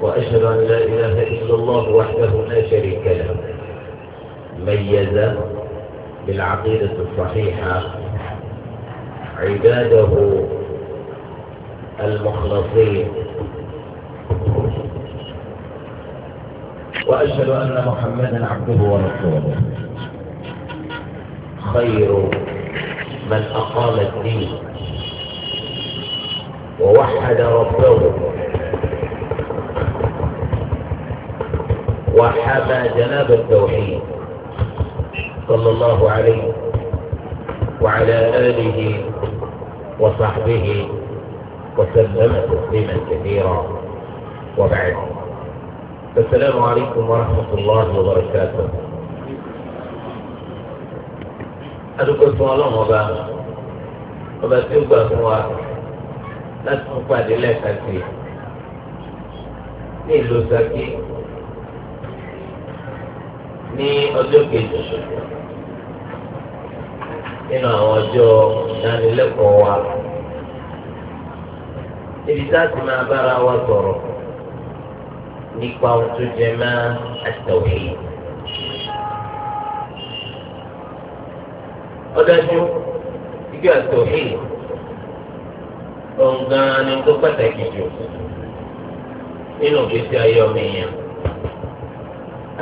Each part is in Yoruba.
وأشهد أن لا إله إلا الله وحده لا شريك له ميز بالعقيدة الصحيحة عباده المخلصين وأشهد أن محمدا عبده ورسوله خير من أقام الدين ووحد ربه وحمى جناب التوحيد صلى الله عليه وعلى آله وصحبه وسلم تسليما كثيرا وبعد السلام عليكم ورحمة الله وبركاته أدوك سؤال وبا وبا تيوبا هو لا تنقى لله فيه nílùú ní ọjọ́ kejì ṣoṣo nínú àwọn ọjọ́ ìdánilẹ́kọ̀ọ́ wa ibi tá a ti máa bára wa sọ̀rọ̀ nípa ohun tó jẹ mọ́ àtẹ̀wé. ọdájú ibi àtẹ̀wé ọ̀hún ni tó pàtàkì jù nínú ìgbésí ayé ọmọ èèyàn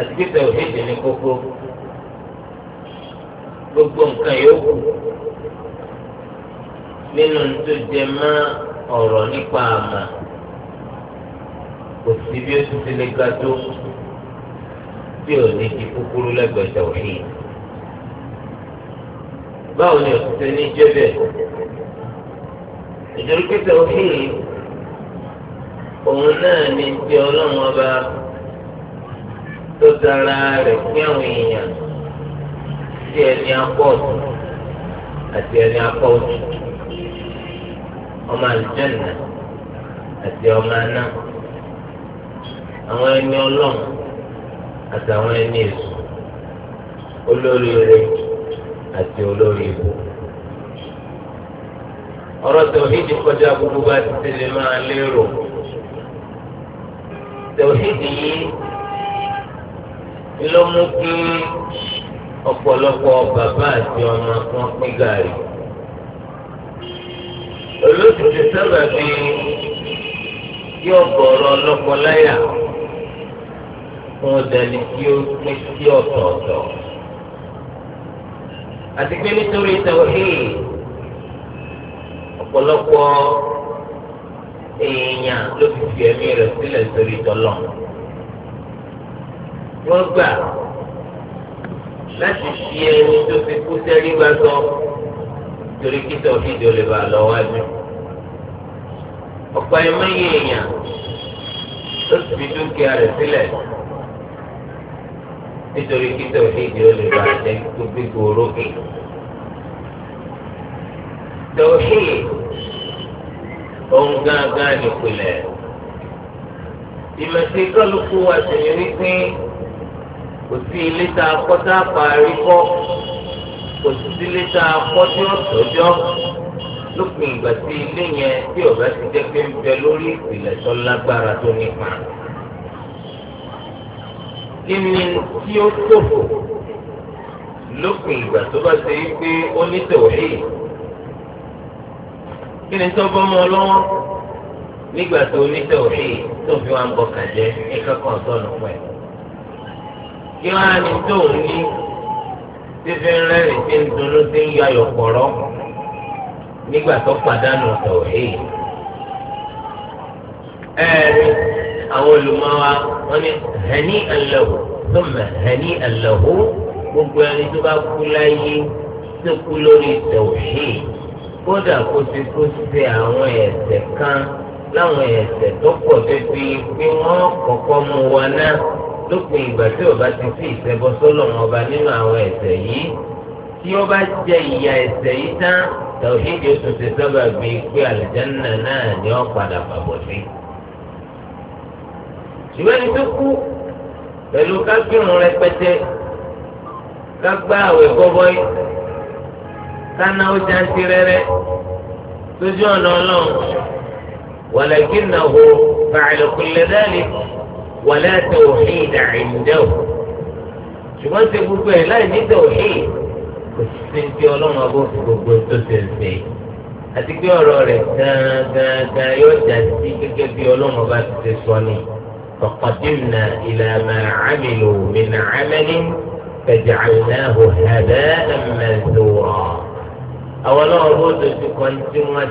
àti pípẹ́ òhìndì ní kókó gbogbo nǹkan yòókù nínú tó jẹ mọ́ ọ̀rọ̀ nípa àmà kò sí bí ó ti ti lè ga tó tí ò ní di kúkúrú lẹ́gbẹ̀ẹ́ tawhid. báwo ni òtítọ́ ní jẹ́ bẹ́ẹ̀? ìdúró pé òun náà ní ti ọlọ́run ọba. tó dára rẹ̀ fún àwọn èèyàn tí ẹni akọ ọ̀tún àti ẹni akọ ọ̀tún ọmọ àlùjẹ́nà àti ọmọ aná àwọn ẹni ọlọ́run àtàwọn ẹni èso olórí rẹ̀ àti olórí ibò ọ̀rọ̀ tẹ̀wéèdì kọjá gbogbo bá ti tẹ̀lé máa lérò tẹ̀wéèdì yìí. ló mú kí ọ̀pọ̀lọpọ̀ bàbá àti ọmọ kan pín gàrí. olóòtú ti sábà fi kí ọ̀gọ̀rọ̀ lọ́kọláyà fún ọ̀dàní kí ó pín sí ọ̀tọ̀ọ̀tọ̀. àti pé nítorí tawhid ọ̀pọ̀lọpọ̀ èèyàn ló fi fi ẹ̀mí rẹ̀ sílẹ̀ sórí tọ́lọ́mù wọ́n gbà láti fi ẹni tó fi kú sẹ́rí gbà sọ torí kí tọ́fíìdì ò lè bá lọ wájú. ọ̀pọ̀ ẹ̀mọ́ yìí èèyàn ló sì fi dúkìá rẹ̀ sílẹ̀ nítorí kí tọ́fíìdì ò lè bá jẹ́ tó gbégbó orókè. tọ́fíìdì ohun gángan nìpínlẹ̀ ìmọ̀sí kọ́lùkù wa sì ní wípé kò sí ilé tá a kọ́ tá a parí kọ́ kò sí ilé tá a kọ́ tí ó tọ́jọ́ lópin ìgbà tí ilé yẹn tí ọ̀gá ti jẹ́ pé ń bẹ lórí ìpìlẹ̀ tó lágbára tó nípa. kí tí ó tòfò lópin ìgbà tó bá ṣe pé ó ní kí ni tó bọ́ mọ́ lọ́wọ́ nígbà tó ní tó fi wá ń bọ̀ kàjẹ́ ní kankan sọ̀nù pẹ̀lú kí wọn á ní tó ní fífi rẹ́rìn tí ń dunnú tí ń yayọ̀ pọ̀rọ́ nígbà tó pàdánù tọ̀hìn. ẹ̀rí àwọn olùmọ̀wá wọn ní hẹ̀ní ẹ̀lẹ́wò tó mẹ̀ hẹ̀ní ẹ̀lẹ́wò gbogbo ẹni tó bá kú láyé tó kú lórí tọ̀hìn kódà kó ti kó ṣe àwọn ẹ̀ṣẹ̀ kan láwọn ẹ̀ṣẹ̀ tó pọ̀ tó fi pé wọ́n kọ́kọ́ mú wa náà lópin ìgbà tí ó bá ti fi ìṣẹ́bọ sọ́lọ́run ọba nínú àwọn ẹ̀ṣẹ̀ yìí tí ó bá jẹ ìyà ẹ̀ṣẹ̀ yìí tán tàwíìdì oṣù ti sábà bíi pé àlùjánnà náà ni ó padà pàbọ̀ sí. ṣùgbọ́n ẹni tó kú pẹ̀lú kákírun rẹpẹtẹ kágbá àwẹ̀ gọ́bọ́í kánà ó jáǹtí rẹ́rẹ́ lójú ọ̀nà ọlọ́run wàlẹ́kìnnà hó bàálùkù lẹ́dẹ́lì wàlẹ́ tawhid indahu ṣùgbọ́n ṣe gbogbo ẹ̀ láì ní tawhid kò sí ti ọlọ́run ọgbọ́n fún gbogbo tó ṣe ṣe àti pé ọ̀rọ̀ rẹ̀ gangan yóò jà sí gẹ́gẹ́ bí ọlọ́run ọba ti ṣe sọ ni faqadimna ila ma amilu min amalin faja'alnahu haba'an mansura àwọn ọlọ́run ó dojú kan tí wọ́n